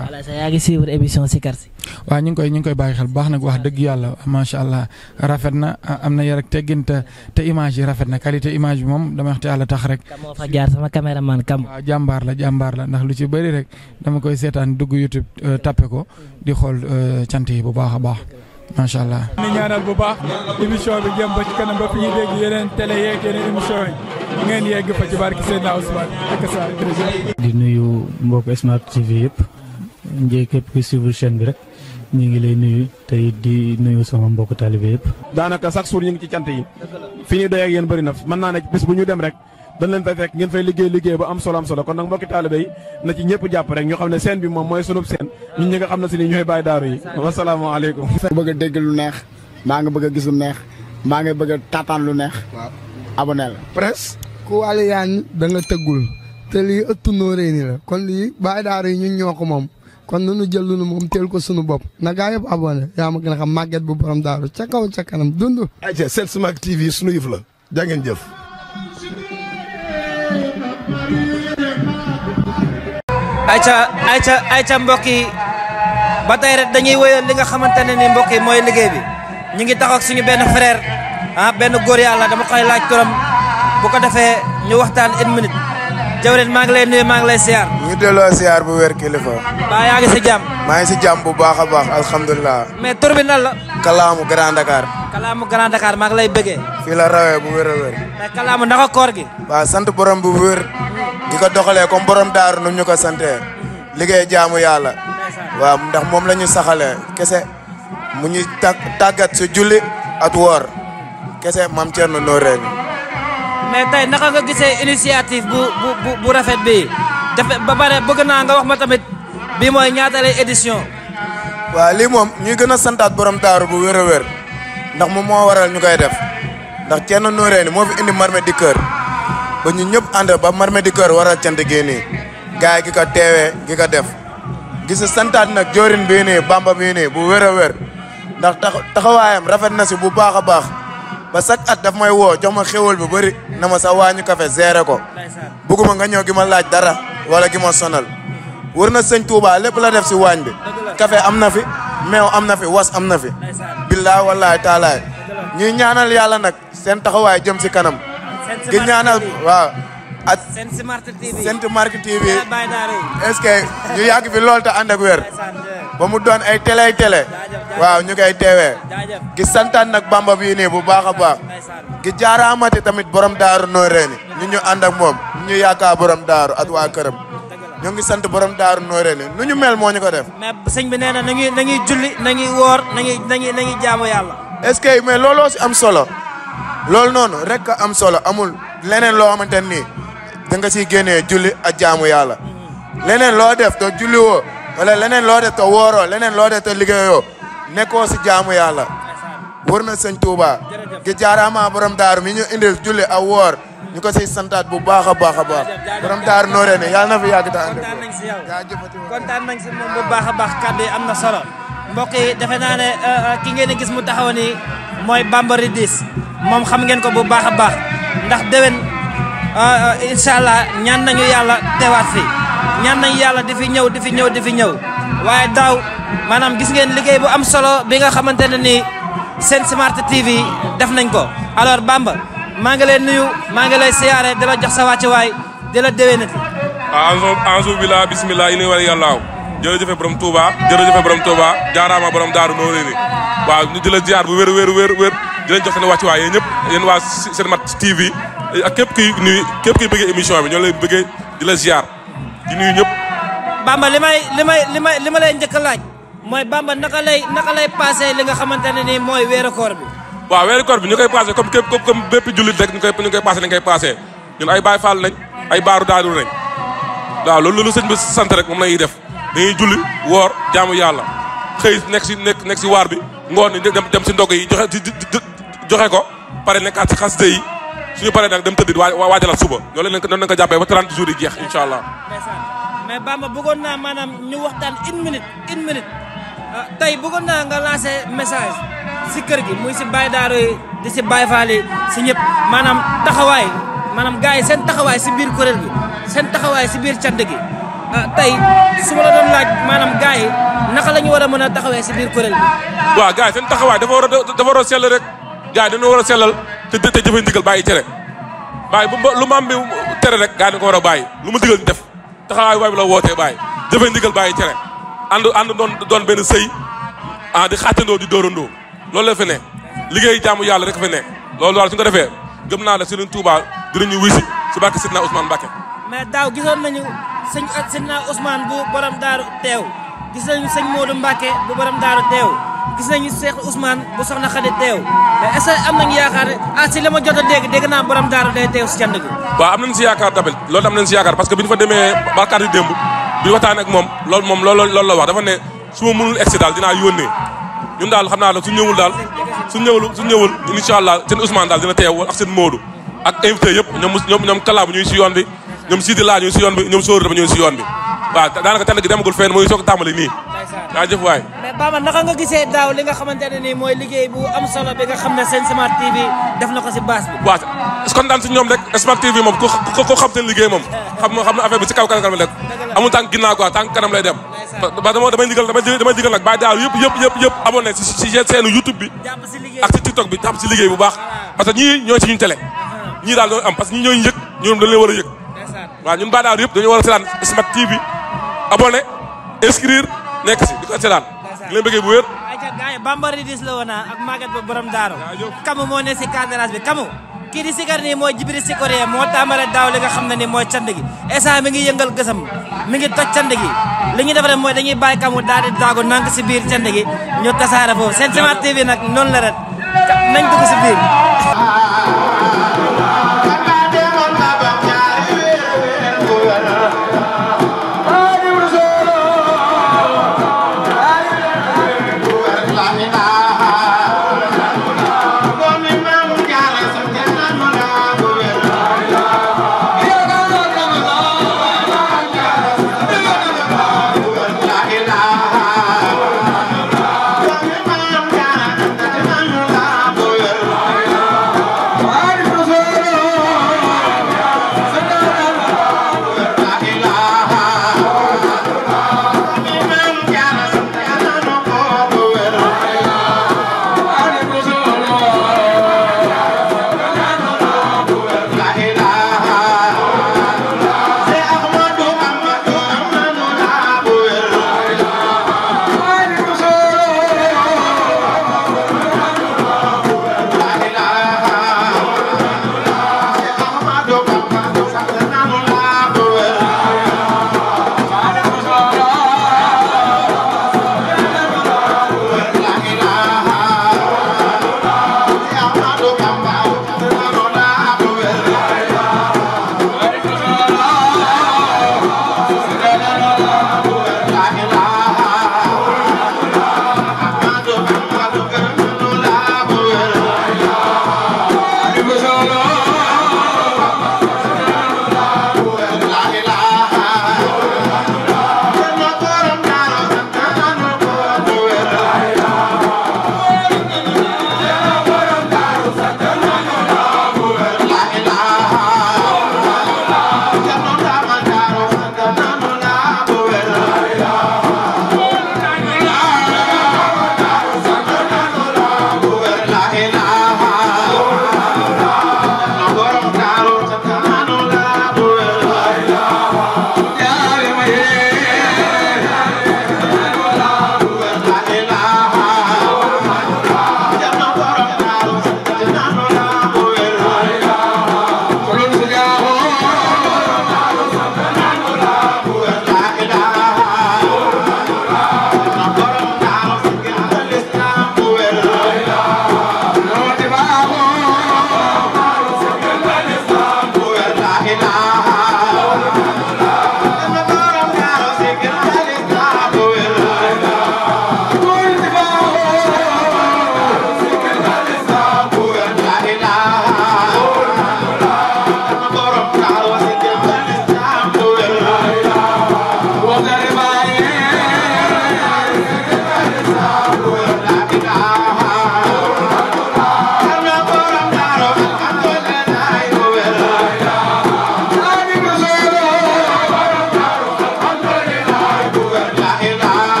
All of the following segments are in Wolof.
waa voilà yaa émission Sikar si. ñu ngi koy ñu ngi koy bàyyi xel bu baax nag wax dëgg yàlla macha allah rafet na am na yar ak teggin te te image yi rafet na qualité image bi moom dama wax te yàlla tax rek. kam moo fa jaar sama caméraman kam. waaw jàmbaar la jàmbaar la ndax lu ci bëri rek dama koy seetaan dugg YouTube euh, tappe ko di xool euh, cant yi bu baax a baax. macha allah. ñaanal bu baax émission bi ba ci kanam ba fi ñuy dégg yeneen télé yeeg yeneen émission yi ngeen yegg fa ci barki Seydina Ousmane ak sa di nuyu mbokk Smart TV njëy képp ku suivre chaîne bi rek ñu ngi lay nuyu tey di nuyu sama mbokk talibé yépp danaka sax jour ñu ngi ci cant yi fi ñuy doy ak yeen bari na man na nek bis bu ñu dem rek dañ leen fay fek ngeen fay liggéey liggéey bu am solo am solo kon nak mbokk talibé yi na ci ñepp japp rek ñu xamné ne seen bi mom moy sunu seen ñun ñi nga xam ci si ni ñooy bàyyi daaru yi alaykum bëgg dégg lu neex ma nga bëgg gis lu neex ma nga bëgg tatan lu neex. waaw abonné ku wàllu yaan da nga teggul te li ëttu no ni la kon li bay daaru yi ñun ñoko mom kon nunu jël lu nu moom teel ko sunu bopp na gaa yëpp abonné yaa ma gën a xam màgget bu borom daaru ca kaw ca kanam dund. ayca su mag TV sunu yëf la jaa ngeen jëf. ayca ayca ayca mbokk yi ba tey rek dañuy wëyal li nga xamante ne ni mbokk yi mooy liggéey bi ñu ngi taxaw suñu benn frère ah benn góor yàlla dama koy laaj turam bu ko defee ñu waxtaan une minute jawret ma ngi lay nuyu ma ngi lay siyaar ñu delo delloo bu wër kilifa ba ya ngi si jam. ma ngi si jam bu baaxa baax alhamdulilah mais tour bi nan la kalamu Grand Dakar kalamu Grand Dakar ma ngi lay bëgge fi la rawé bu wër wër mais kalamu naka koor gi ba sant borom bu wér di ko borom daaru nu ñu ko liggéey jaamu yalla wa ndax mom lañu saxalé kessé kese mu ñu tagat su julli at kessé kese cerno no reñu mais tey naka nga gisee initiative bu bu rafet bi dafa ba pare bëgg naa nga wax ma tamit bi mooy ñaatalee édition. waaw lii moom ñuy gën a santaat borom daaru bu wér a wér ndax moom moo waral ñu koy def ndax Thierno Nourène moo fi indi Marmite du Cœur ba ñu ñëpp ànd ba Marmite du Cœur waral cant gii nii gars gi ki ko teewee ki ko def gis santaat nag joorin bii nii bamba bii bu wér ndax taxawaayam rafet na si bu baax a baax. ba chaque at daf may woo jox ma xéwal bu bëri na ma sa waañu café géré ko bugguma nga ñëw gi ma laaj dara wala gi ma sonal wër na sëñ Touba lépp la def si waañ bi kafe am na fi meew am na fi was am na fi billaa wallaay taalaay ñuy ñaanal yàlla nag seen taxawaay jëm si kanam gi ñaanal waaw At Center Market TV Sen Smart TV est-ce que ñu yàgg fi lool te ànd ak wér ba mu doon ay télé ay télé waaw ñu koy teewee gi santaan nag bamba bii nii bu baax a baax gi jaaraamati tamit borom daaru nooy reeni ñu ñu ànd ak moom ñu yaakaar borom daaru ak waa ñu ngi borom daaru nu ñu mel moo ñu ko def mais sëñ bi nee na nañuy julli nañuy woor jaamu est-ce que mais am solo loolu non rek am solo amul lenen lo xamante da nga siy génnee julli ak jaamu yàlla leneen loo def te julliwoo wala leneen loo def te wooroo leneen loo def te liggéeyoo nekkoo si jaamu yàlla wër na sëñ Touba gi jaaraama borom daaru mi ñu indil julli ak woor ñu ko siy santaat bu baax a baax a baax borom daaru nooree ne yàlla na fi yàgg ta ànd kontaan nañ si moom bu baax a baax kàddu am na solo mbokk defe naa euh, euh, ki ngeen di gis mu taxaw nii mooy Bamba Ridis moom xam ngeen ko bu baax a baax ndax déwén Euh, euh, incha allah ñaan nañu yàlla teewaat fi ñaan nañu yàlla di fi ñëw di fi ñëw di ñëw waaye daaw maanaam gis ngeen liggéey bu am solo bi nga xamante ne nii seen Smart TV def nañ ko. alors Bamba maa ngi lay nuyu maa ngi lay siyaare di la jox sa wàccuwaay di la déwénati. waaw anzu billah bismillah yi wala yàllaaw jërëjëf borom Touba jërëjëf borom Touba jaaraama borom Daaru Nooréni waa ñu di la ziar bu wér wér wér wér jox la jox seen wàccuwaay yéen ñëpp yéen waa Sen Smart TV. ak képp kuy nuyu képp kuy bëggee émission bi ñoo lay bëggee di la ziar di ñëpp. Bamba li may li may li may li ma lay njëkk a laaj mooy Bamba naka lay naka lay passé li nga xamante ne mooy weeru bi. waaw weeru koor bi ñu koy passé comme képp comme bépp jullit rek ñu koy ñu koy passé lañ koy passé ñun ay Baay Faal lañ ay Baaru Daaru lañ waaw loolu loolu bi sant rek moom la ñuy def dañuy julli woor jaamu yàlla xëy nekk si nekk nekk si waar bi ngoon ni dem si ndog yi joxe joxe ko pare nekkaat si xaste yi. suñu paree nag dem tëddit waa waajalaat suba loolu lañ ko noonu lañ ko jàppee ba 30 jeex incha allah. mais Bamba bëggoon naa maanaam ñu waxtaan une minute une minute euh, tey bëggoon naa nga lancé message si kër gi muy si Baye Daara yi di si Baye Fall si ñëpp maanaam taxawaay maanaam gars yi seen taxawaay si biir kuréel gi seen taxawaay si biir cant gi euh, tey su ma la doon laaj maanaam gars yi naka la ñu war mën a taxawee si biir kuréel gi. waaw gars yi seen taxawaay dafa war a dafa war a sell rek gars yi dañoo te te jëfee ndigal bàyyi tere bàyyi lu maam bi tere rek gaa ni ko a bàyyi lu mu digal ñu def taxawaay waay bi la wootee bàyyi jëfee ndigal bàyyi tere ànd ànd doon doon sëy ah di xàttandoo di dóorandoo loolu la fi ne liggéey jaamu yàlla rek fi ne loolu daal su ñu ko defee gëm naa ne Serigne Touba wisi si barke Sidna Ousmane Mbacké mais daaw gisoon nañu sëñ Sidna Ousmane bu borom daaru teew gis nañu sëñ Modou Mbacké bu borom daaru teew gis nañu Cheikh Ousmane bu soxna Xadi teew mais est-ce que am nañu yaakaar ah si la ma a dégg dégg naa borom daara day teew si jant gi. waaw am nañu si si yaakaar parce que bi fa demee barkaat yu démb bi waxtaan ak moom loolu moom la wax dafa ne su ma mënul egsi daal dinaa yónnee ñun daal xam naa ne suñ ñëwul daal suñ ñëwul suñ ñëwul incha allah seen Ousmane daal dina teew ak seen Modou ak invité yëpp ñoom ñoom ñuy si yoon bi ñoom Sidi laa ñuy si yoon bi ñoom Sóor dama ñuy si yoon bi waaw daanaka jaajëf waay. mais Bamba naka nga gisee daaw li nga xamante ne mooy liggéey bu am solo bi nga xam ne seen Smart TV def na ko si base bi. waaw kontaan si ñoom rek Smart TV moom ko xam seen liggéey moom. xam nga xam na si kaw kanam la nekk. dem. ba dama yëpp yëpp yëpp si si YouTube bi. ak si bi jàpp si liggéey bu baax. parce que ñii ñooy suñu télé. Uh-huh. ñii daal ñooy am parce que ñooy yëg ñoom dañu leen war a yëg. war a seetaan Smart TV abonné inscrire nekk si di ko seetaan di leen bëggee bu wér ah, gaay bambara dis la woon ak màggat ba borom daaro kamu moo ne si cadrage bi kamu kii di sikar nii mooy jibiri sikoree moo tàmbale daaw li nga xam ne ni mooy cand gi instant mi ngi yëngal gësam mi ngi toj ñuy def rek mooy dañuy bàyyi kamu daal di daago nank si biir cand gi ñu tasaare foofu Sen Smart TV nag noonu la ret nañ dugg si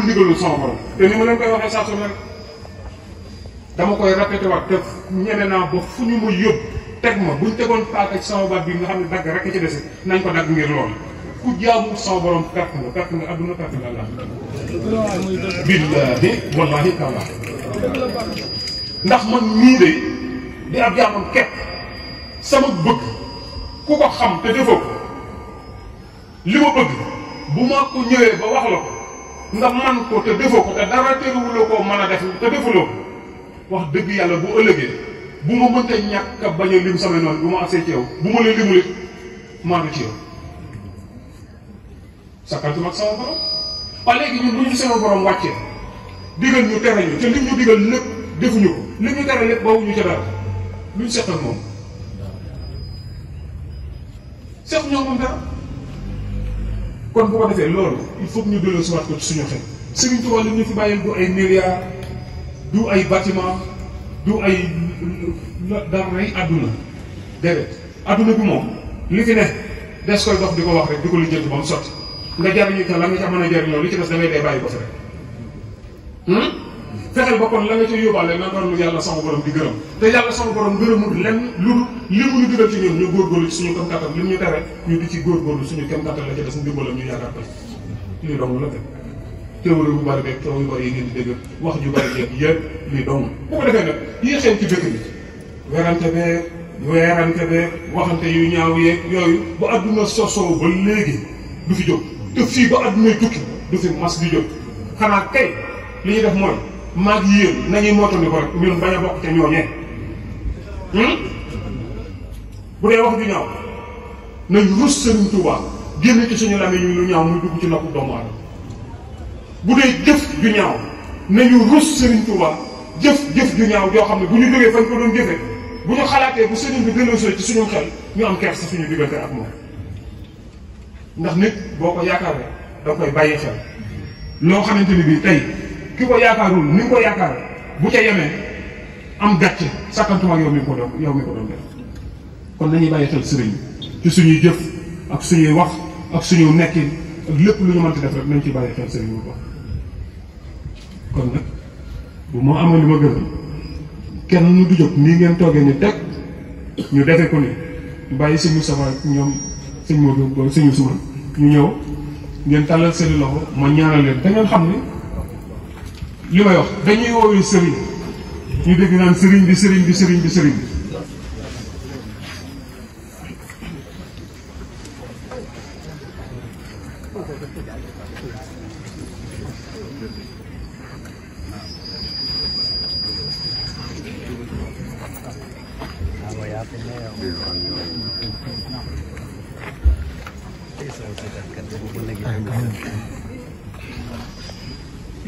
dul ndigalul sama borom te ni koy waxee saa su nekk dama koy répété waat te naa ba fu ñu ma yóbbu teg ma buñ tegoon paaka ci bi nga xam ne dagg ci dese nañ ko dagg ngir lool ku jaamu sama borom perte nga perte nga adduna perte nga allah. billaahi wallaahi taala ndax man mii de di ab jaamam képp sama bëgg ku ko xam te defoo li ma bëgg bu ma ko ñëwee. nga man ko te defoo ko te dara teguwuloo koo mën a def te defuloo ko wax dëgg yàlla bu ëllëgee bu ma mënta ñàkk a bañ a lim sama noonu bu ma agsee ci yow bu ma leen limulit maandu ci yow sakkaltu mag sama borom waaye léegi ñun bu ñu sama borom wàccee digal ñu tere ñu te li ñu digal lépp defuñu ko li ñu tere lépp bawuñu ca dara luñ seqal moom kon bu ko defee loolu il faut ñu delloo si waat ko ci suñu xel Serigne Touba li ñu fi bàyyeen du ay milliards du ay bâtiment du ay daray àdduna déedéet àdduna bi moom li fi ne des koy dox di ko wax rek di ko lijjanti ba mu sotti nga jariñu ca la nga ca mën a jariñoo li ci des da dee bàyyi ko fi rek hmm? fexeel ba kon la nga ca yóbbaale na doon yàlla sama borom di gërëm te yàlla sama borom gërëmul lenn lu lépp ñu dugal ci ñun ñu góorgóorlu ci suñu kam kattan lim ñu tere ñu di ci góorgóorlu suñu kam kattan la ca des ndimbalam ñu yaakaar ko ci lii dong la de téewalal bu bari beeg coow yu bari yi ngeen di dégg wax ju bari jeeg yëpp lii dong bu ko defee nag yi xew ci yu ñaaw yeeg yooyu bu àdduna léegi du fi fi mas di jóg xanaa kay li ñuy def mooy maag yéen nañuy mootandi ko rek ñun bañ a bokk ca ñooñee hmm? bu dee wax ju ñaaw nañ rus Sëriñ Tuubaa génn ci suñu lame yi lu ñaaw muy dugg ci noppu doomu bu dee jëf ju ñaaw nañu rus Sëriñ Tuubaa jëf jëf ju ñaaw joo xam ne bu ñu jógee fañ ko doon jëfee bu ñu xalaatee bu sëriñ bi delloo ci suñu xel ñu am kersa suñu diggante ak moom ndax nit boo ko yaakaaree da koy bàyyi xel loo xamante ni bii tey ki ko yaakaarul ni ko yaakaaree bu ca yemee am gàcce sàkkantuma yow mi ko doon yow mi ko doon def kon nañuy bàyyi xel sëriñ ci suñuy jëf ak suñuy wax ak suñu nekkin ak lépp lu ñu mënti def rek nañ ci bàyyi xel sëriñ bu baax kon nag bu moo amoon li ma gën kenn ñu du nii ngeen toogee ni teg ñu defe ko ni bàyyi suñu safar ñoom sëñ Modou suñu suman ñu ñëw ngeen tàllal seeni loxo ma ñaanal leen da ngeen xam ne li may wax dañuy woowee sëriñ ñu dégg naan sëriñ bi sëriñ bi sëriñ bi sëriñ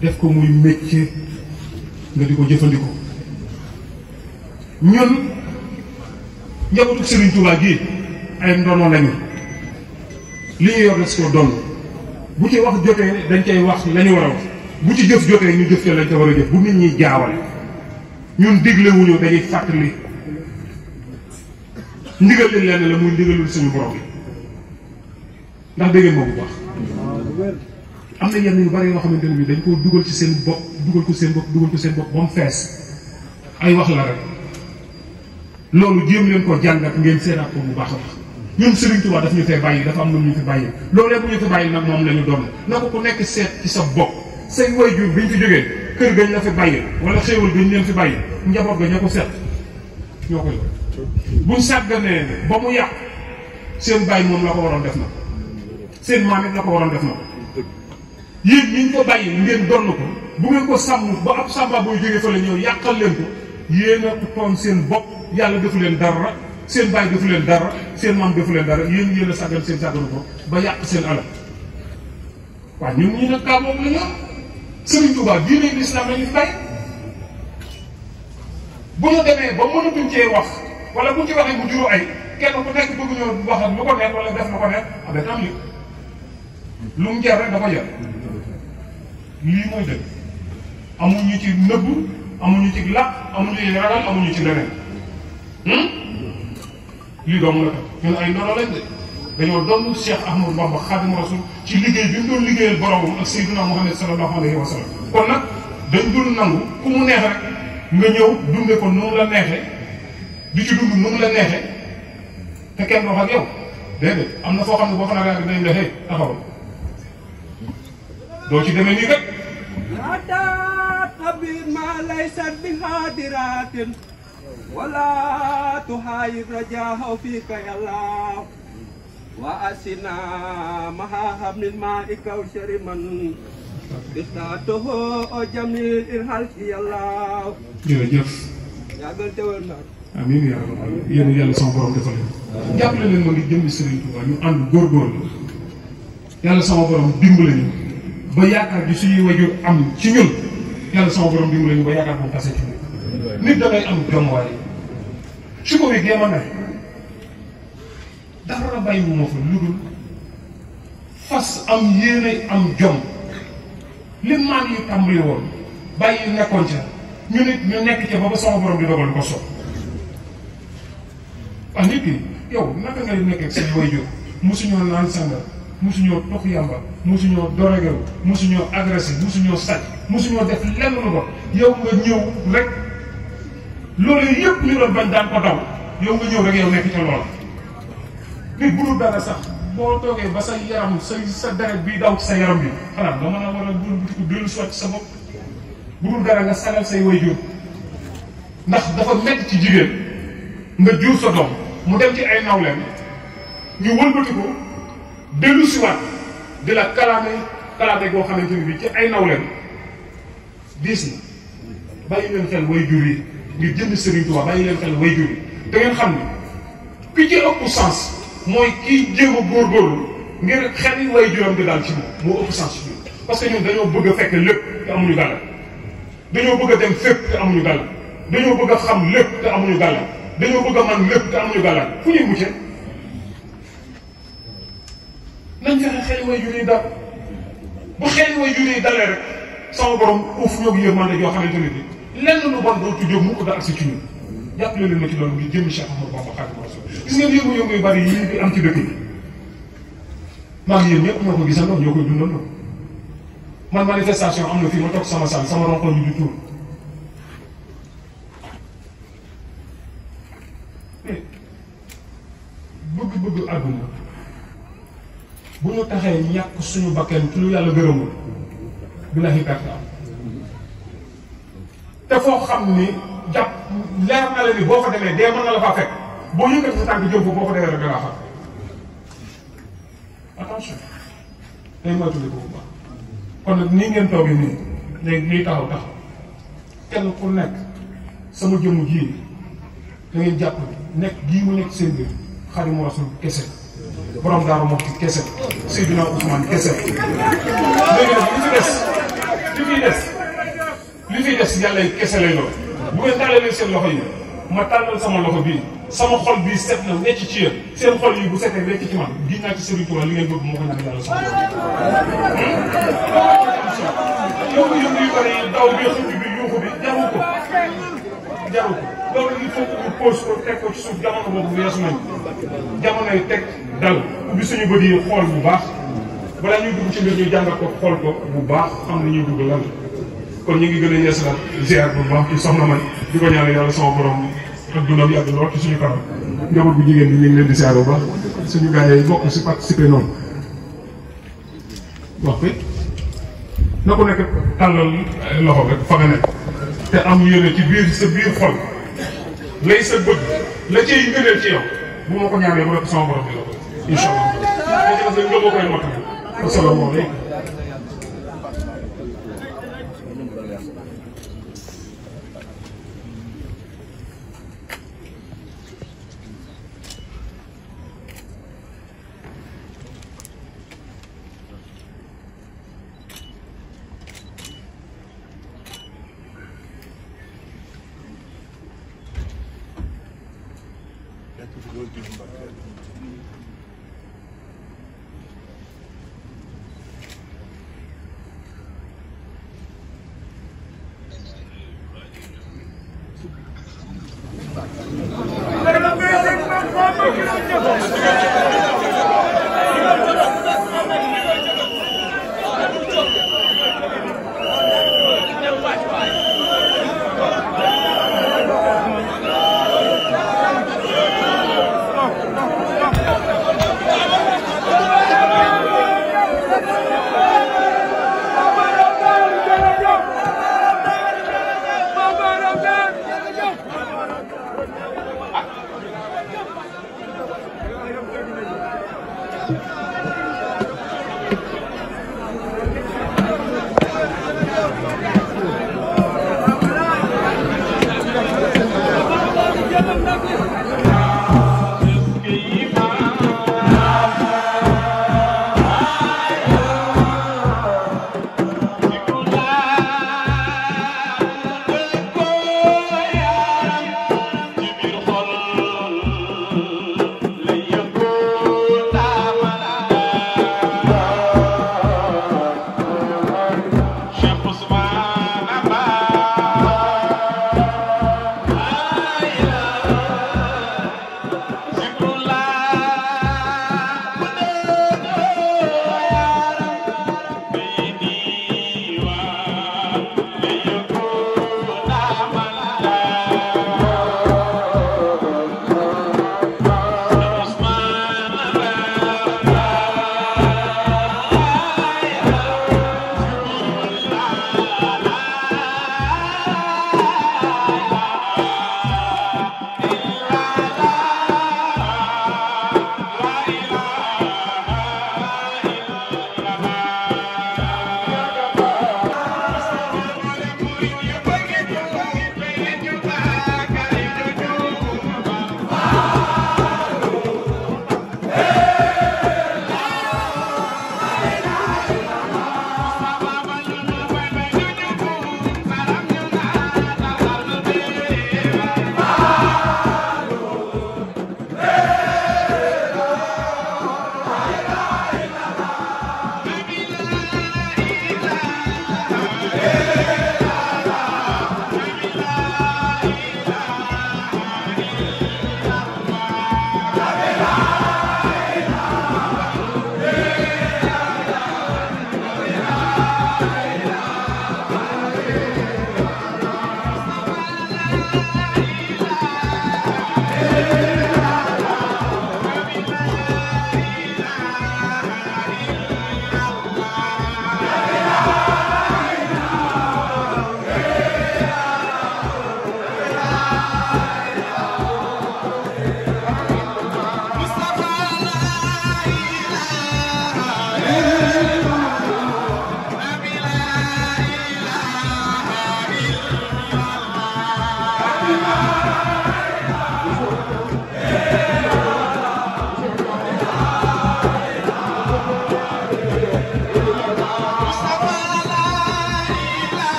def ko muy métier nga di ko jëfandikoo ñun njabootu Serigne Touba gii ay ndono lañu li ñu yor des ko doon bu ci wax jotee dañ cay wax lañuy war a wax bu ci jëf jotee ñu jëf ca lañ ca war a jëf bu nit ñi jaawale ñun diglewuñu dañuy fàttali ndigal li lenn la muy ndigalul suñu borom bi ndax dégg nga bu baax. am na yenn yu bari yoo xamante ne bi dañ koo dugal ci seen bopp dugal ko seen bopp dugal ko seen ba mu fees ay wax la rek loolu jéem leen koo jàngat ngeen seeraat ko bu baax a baax ñun Serigne Touba daf ñu fee bàyyi dafa am lu ñu fi bàyyi loolee bu ñu fi bàyyi nag moom la ñu doon na ko nekk seet ci sa bopp say waajur biñ fi jógee kër gañ la fi bàyyi wala xéewal gañ leen fi bàyyi njaboot ga ñoo ko seet ñoo ko yor buñ ba mu yàq seen bàyyi moom la ko waroon def na seen maam it la ko waroon def na yéen ñu ko bàyyi ngeen donn ko bu ngeen ko sàmm ba ab sàmba booy jógee fa la ñëw yàqal leen ko yéen a seen bopp yàlla defu leen dara seen bàyyi defu leen dara seen maam defu leen dara yéen yéen a sàggal seen sàggal ko ba yàq seen alal waaw ñun ñu ne kaa moom la ñu Sëriñ Tuubaa diine lislaam lañu fay bu ñu demee ba mënatuñ cee wax wala buñ ci waxee bu juró ay kenn ku nekk bëgg wax ak ko neex wala def lu ko neex ah ba tam li lu mu jar lii mooy dëgg amuñu ci nëbb amuñu ci làq amuñu ci ragal amuñu ci leneen hmm? lii doomu la tam ñun ay ndono lañ de dañoo doon Cheikh Ahmadou Bamba Xaadimu Rasul ci liggéey bi mu doon liggéeyal boromam ak Seydina Muhammad sallallahu alayhi wa sallam kon nag dañ dul nangu ku mu neex rek nga ñëw dunde ko nu mu la neexee di ci dund nu mu la neexee te kenn wax xam ne boo fa nag dañ la xëy taxawal doo ci demee nii rek. laataa xabir ma laysat bi xaadiraatin wala tuhaayib rajaahu fiika yàlla wa asina maha min ma ikaw shariman istaatuhu o jamil irhal ci yàlla. jërëjëf. yàggal teewal naa. amiin yaa rabbal yéen yàlla sama borom defal leen. jàppale leen ma ngi jëm Serigne Touba ñu ànd góorgóorlu yàlla sama borom dimbale ñu. ba yaakaar bi suñuy wajur am ci ñun yàlla sama borom dimbali ñu ba yaakaar moom tase ci ñun nit dangay am jom waaye su ko wéggee mën na dara bàyyiwu ma fa lu fas am yéene am jom li maan yu tàmbali woon bàyyi nekkoon ca ñu nit ñu nekk ca ba ba sama borom di dogal ko so wax nit ki yow naka ngay nekk ak seen wajur mosuñoo naan sàngal musuñoo tox yàmba musuñoo dorogewu musuñoo agressé musuñoo sàcc musuñoo def lenn lu ko yow nga ñëw rek loolu yëpp ñu doon bañ daan ko daw yow nga ñëw rek yow nekk ca loola nit bu dul dara sax boo toogee ba sa yaram bi daw sa yaram bi xanaa nga a war a bul bitiku dellu socc sa bu dul dara nga sagal say waajur ndax dafa métti ci jigéen nga jur sa doom mu dem ci ay nawleen ñu wëlbati ko dellu si waat di la kalaame kalaame boo xamante ni bi ci ay nawleen diis na bàyyi leen xel way jur yi ngir jënd Serigne Touba bàyyi leen xel way jur yi da ngeen xam ne ki ci ëpp sens mooy kii jéem a góorgóorlu ngir xel way juram di daal ci moom moo ëpp sens ci ñun que ñun dañoo bëgg a fekk lépp te amuñu gàllank dañoo bëgg a dem amuñu gàllank dañoo bëgg xam lépp te amuñu gàllank dañoo bëgg a man lépp te amuñu gàllank fu ñuy muccee nañ fexe xel way jur yi dal bu xel way jur yi dalee rek sama borom uuf ñoo ngi yërmande joo xamante ne bi lenn lu bon dootu jóg mu ko daal si ci ñun jàppale leen ma ci loolu ngir jëm Cheikh Amadou Bamba Khadimu Rasul gis ngeen yëngu-yëngu yu bari yi di am ci dëkk bi maa ngi yéen ñëpp ñoo ko gisandoo ñoo koy dundandoo man manifestation am na fii ma toog sama saal sama ronkoon ñu di tuur eh, bëgg-bëgg àdduna bu ñu taxee yàq suñu bakken ci lu yalla gërëmul billahi perte am te foo xam ni jàpp leer na la ni boko démé dé mëna la fa fék bo yëkkati sa tank jëf boko démé rek dangaa xam attention ay ma tu ko ba kon nak ni ngeen toogee ni léegi ni taxaw tax kenn ku nekk sama jëmu ji da ngeen japp nekk gi mu nekk seen bi xarimu rasul kese borom Daaru Muxti kese Seydina Ousmane kese li fi des li fi des li fi des yàlla yi kese lay doon bu ngeen seen loxo yi ma tàllal sama loxo xol bii set na seen xol yi bu setee wecc ci man gis naa li ngeen bëgg moo ko ñaan yàlla sama yow yëngu yu bëri daw bi xëcc yuuxu bi jaru ko jaru ko loolu ñu suñu bët yi bu baax balaa ñuy dugg ci mbir ñu jàngat ko ci soxna di ñu ngi leen di suñu gars bokk si participé noonu wax fi na ko nekk tàllal loxo rek te am yéene ci biir sa biir xol. lay sa bëgg la cay ngëneel ci yow bu ma ko ñaanee bu nekk sama borom bi la ko incha allah. waaw waaw waaw waaw waaw waaw waaw waaw even by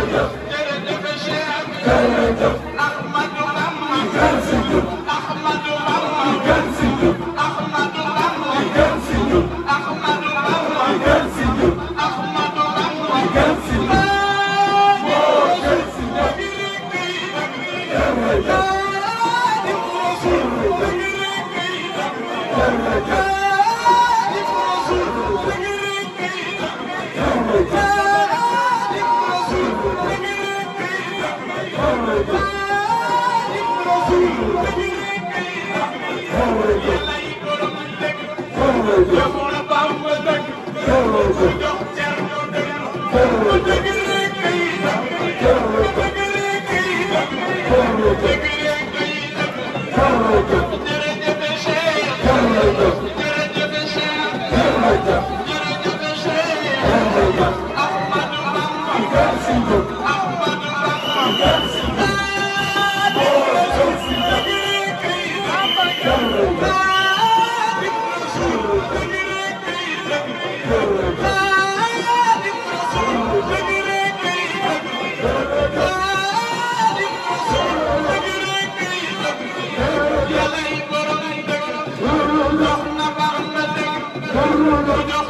Karaca. Будем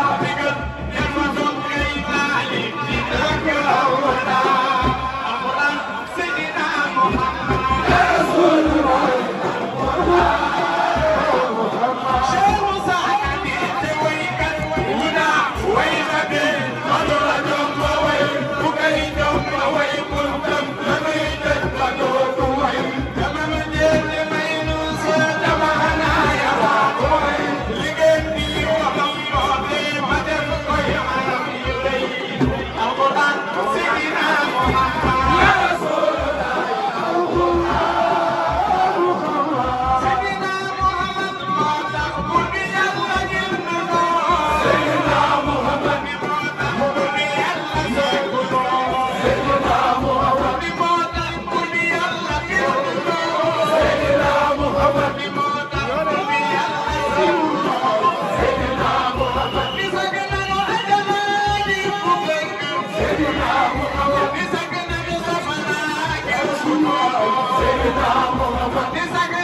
This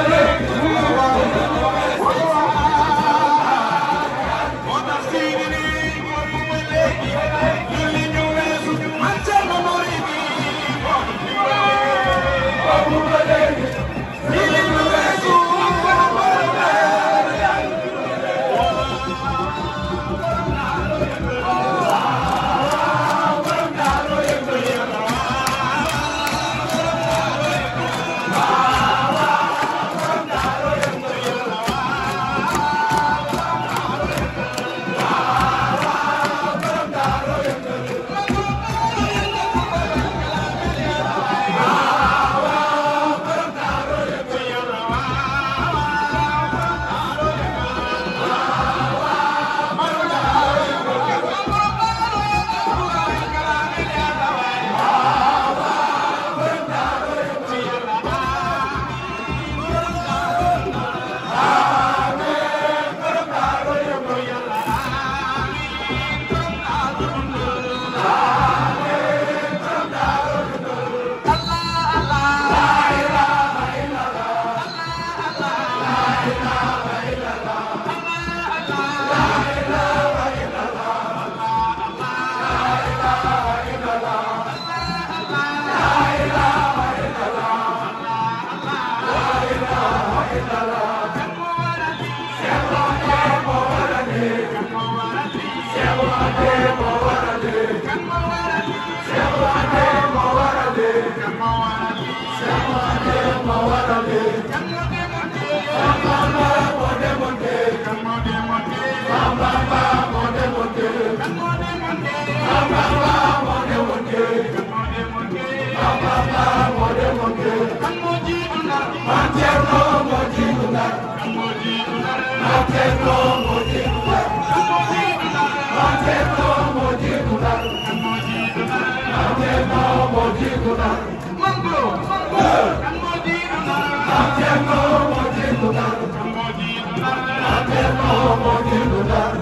Hallelujah.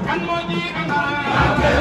Kan moo ji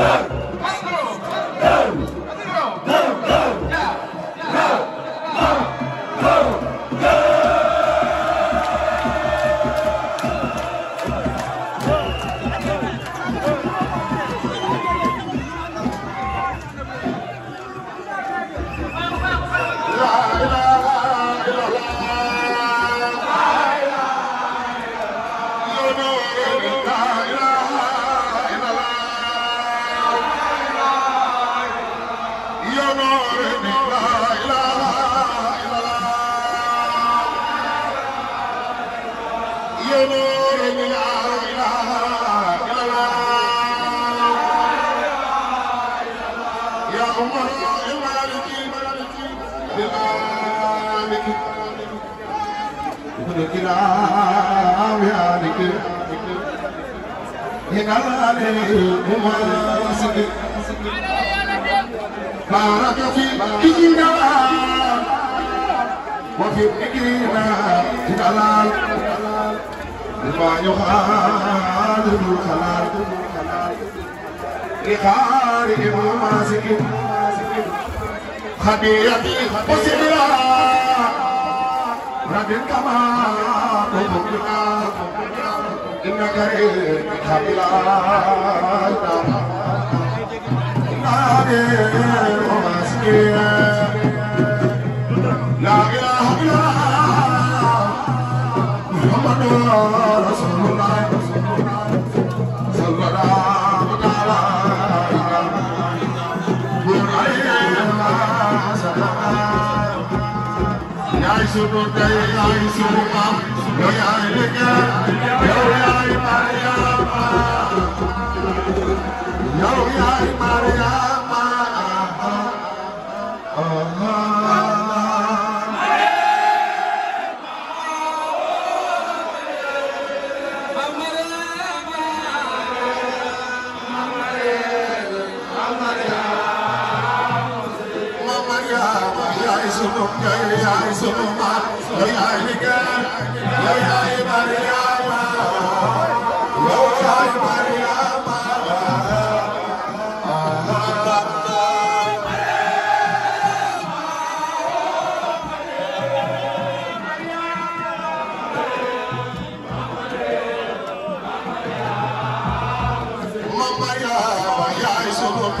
Akbar.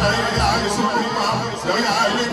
ai ai dai,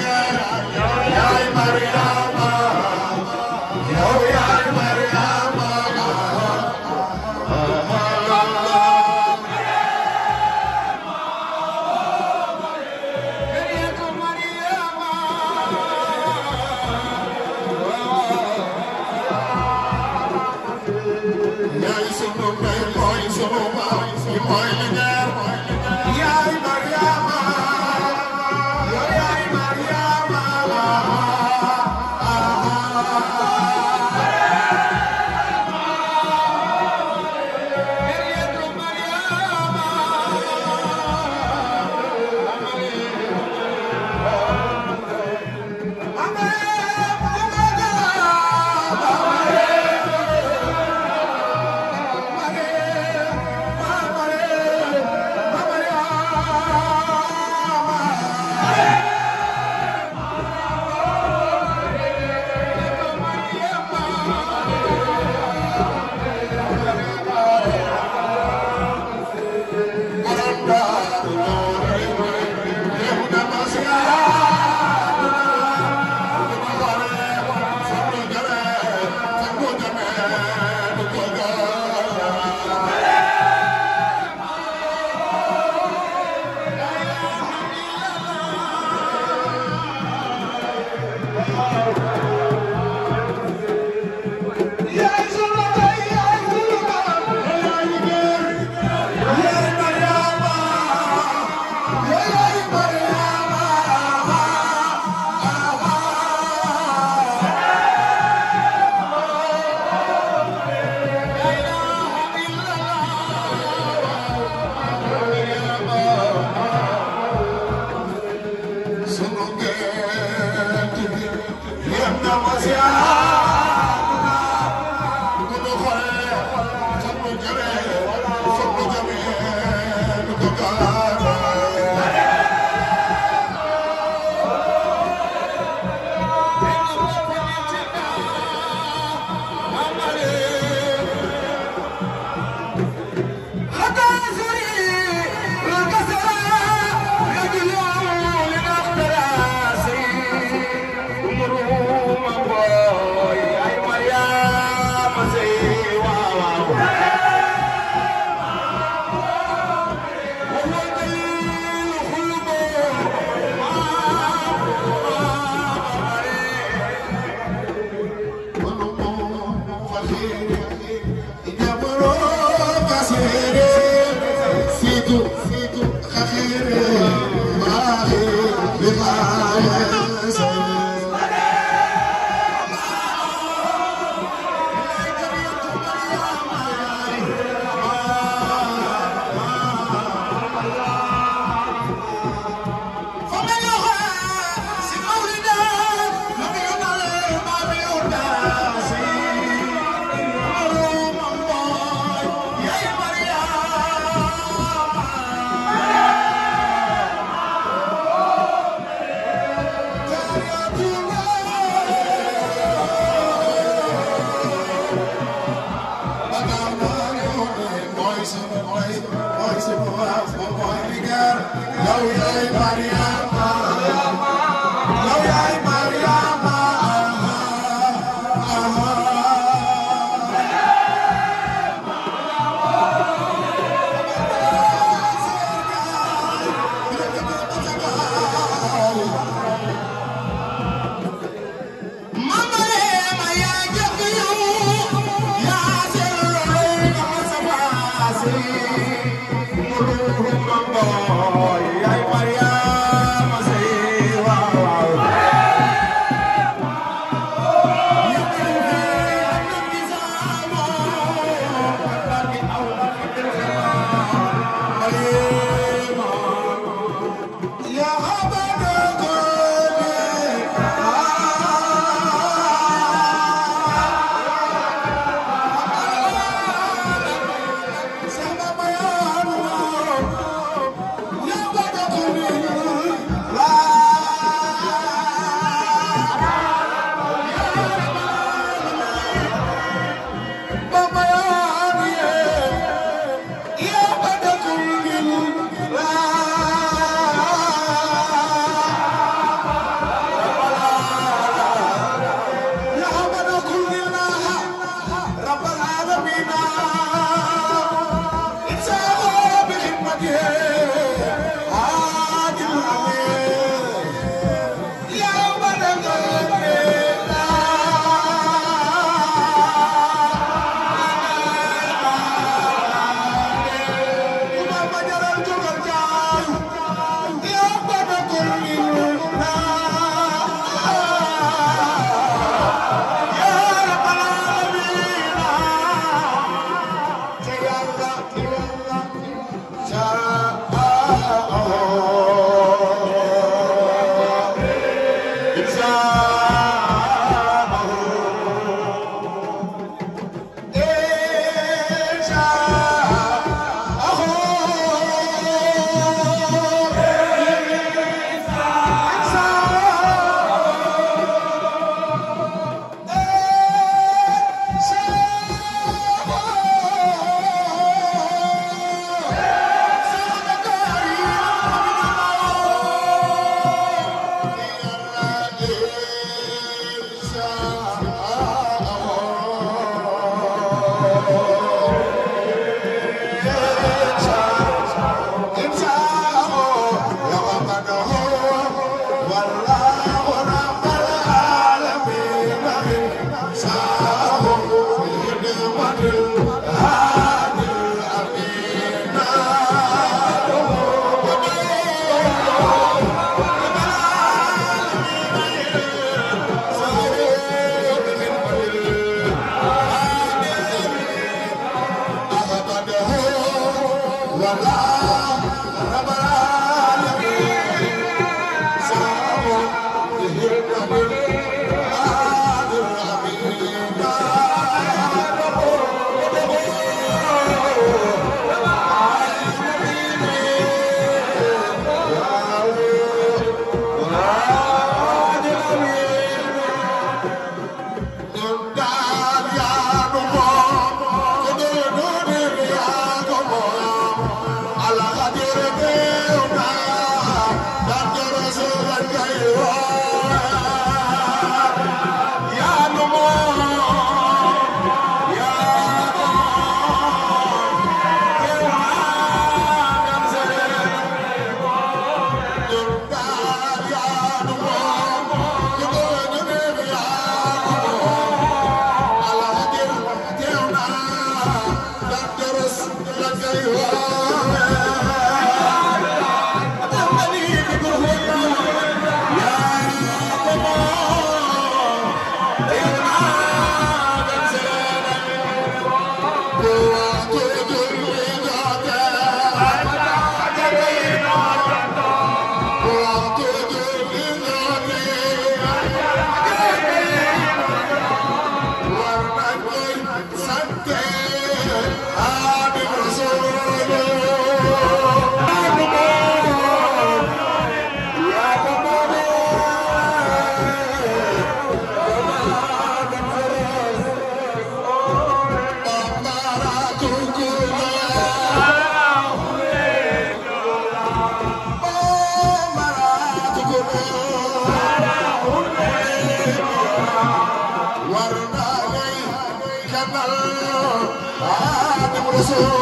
Russell.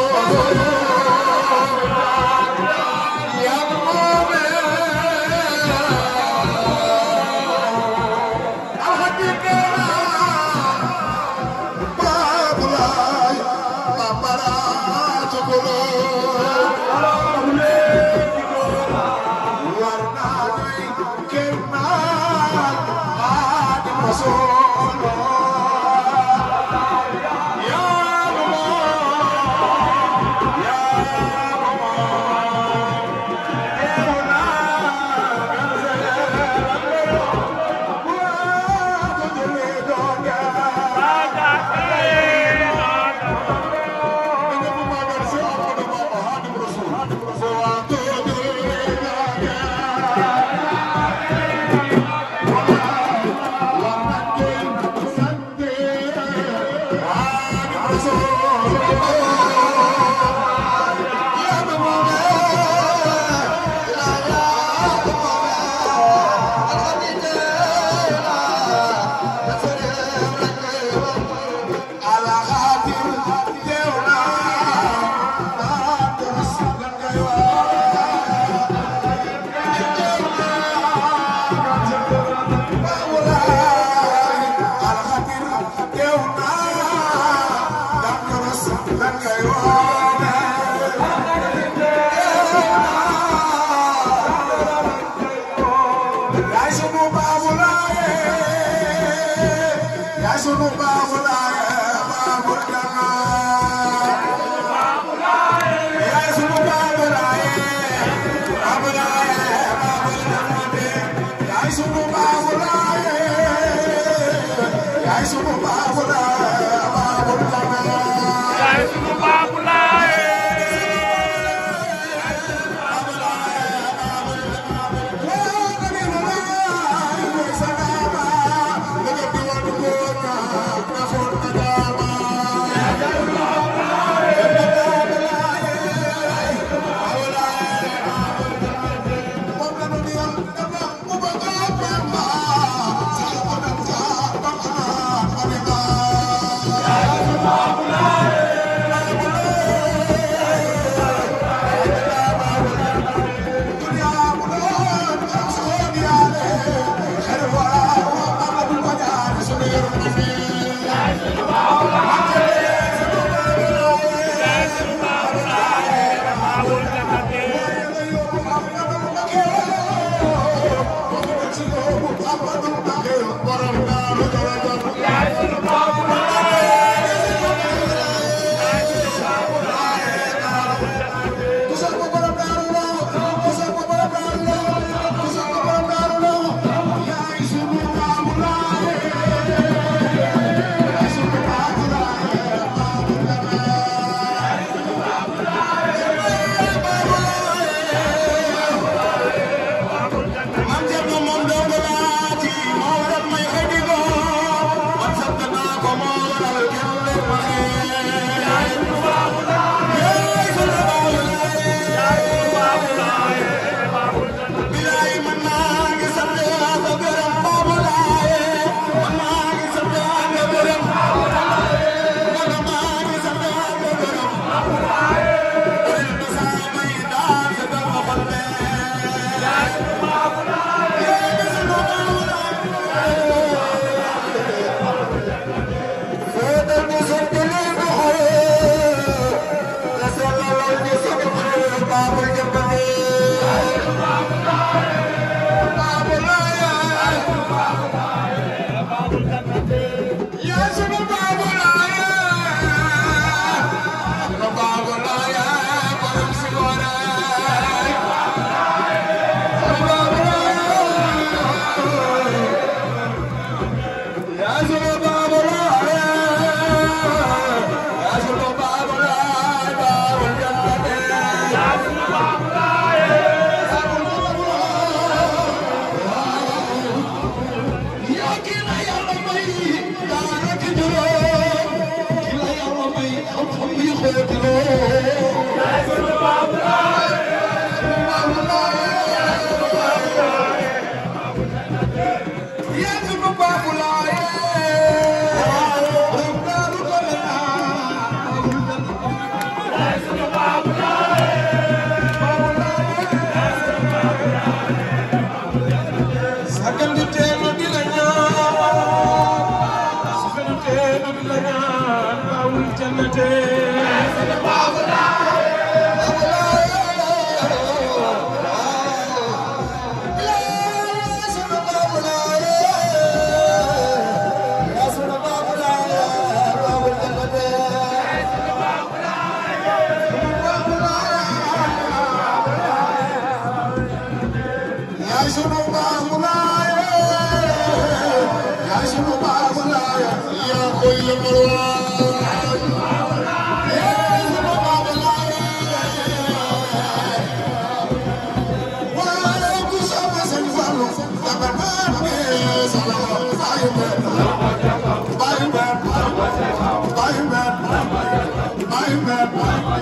来。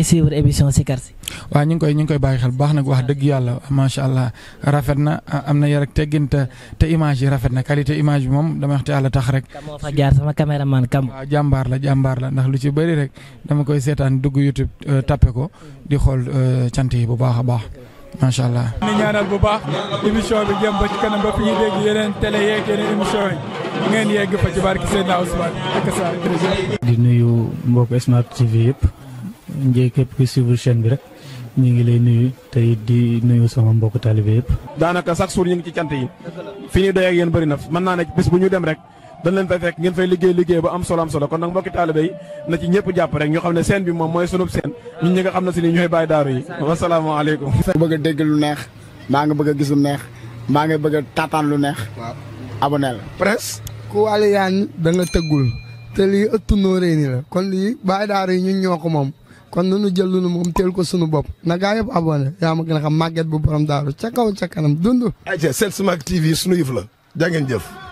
ngi suivre émission Sikar si. waaw ñu ngi koy ñu koy bàyyi xel bu baax nag wax dëgg yàlla macha allah rafet na am na yar ak teggin te image yi rafet na qualité image bi moom dama wax te yàlla tax rek. kam moo fa jaar sama caméraman kam. jàmbaar la jàmbaar la ndax lu ci bari rek dama koy seetaan dugg YouTube euh, tappe ko di xool euh, cant yi bu baax a baax. macha allah. bu baax émission bi ba ci kanam ba fi ñuy dégg yeneen télé yeeg yeneen émission yi ngeen yegg fa ci barki Seydina di nuyu njëy képp ku suivre chaîne bi rek ñu ngi lay nuyu tey di nuyu sama mbokku taalibe yëpp. daanaka chaque jour ñu ngi ci cant yi ak na ne bis bu ñu dem rek dañ leen fay fekk ngeen fay liggéey liggéey ba am solo am solo kon nag mbokki taalibe yi na ci ñëpp jàpp rek ñu xam ne bi moom mooy sunub seen ñun ñi nga xam ne si ni ñooy bàyyi daaru yi wasalaamaaleykum. bëgg a lu neex bëgg gis lu neex bëgg lu neex. ku ale yaa da nga tëggul te lii ëttu nóoree ni la kon lii daaru ñun kon nunu jël lu nu moom teel ko sunu bopp na gaa yëpp abonné yaa ma gën a xam màgget bu borom daaru ca kaw ca kanam dund. ayca Sen Smart TV sunu yëf la jaa jëf.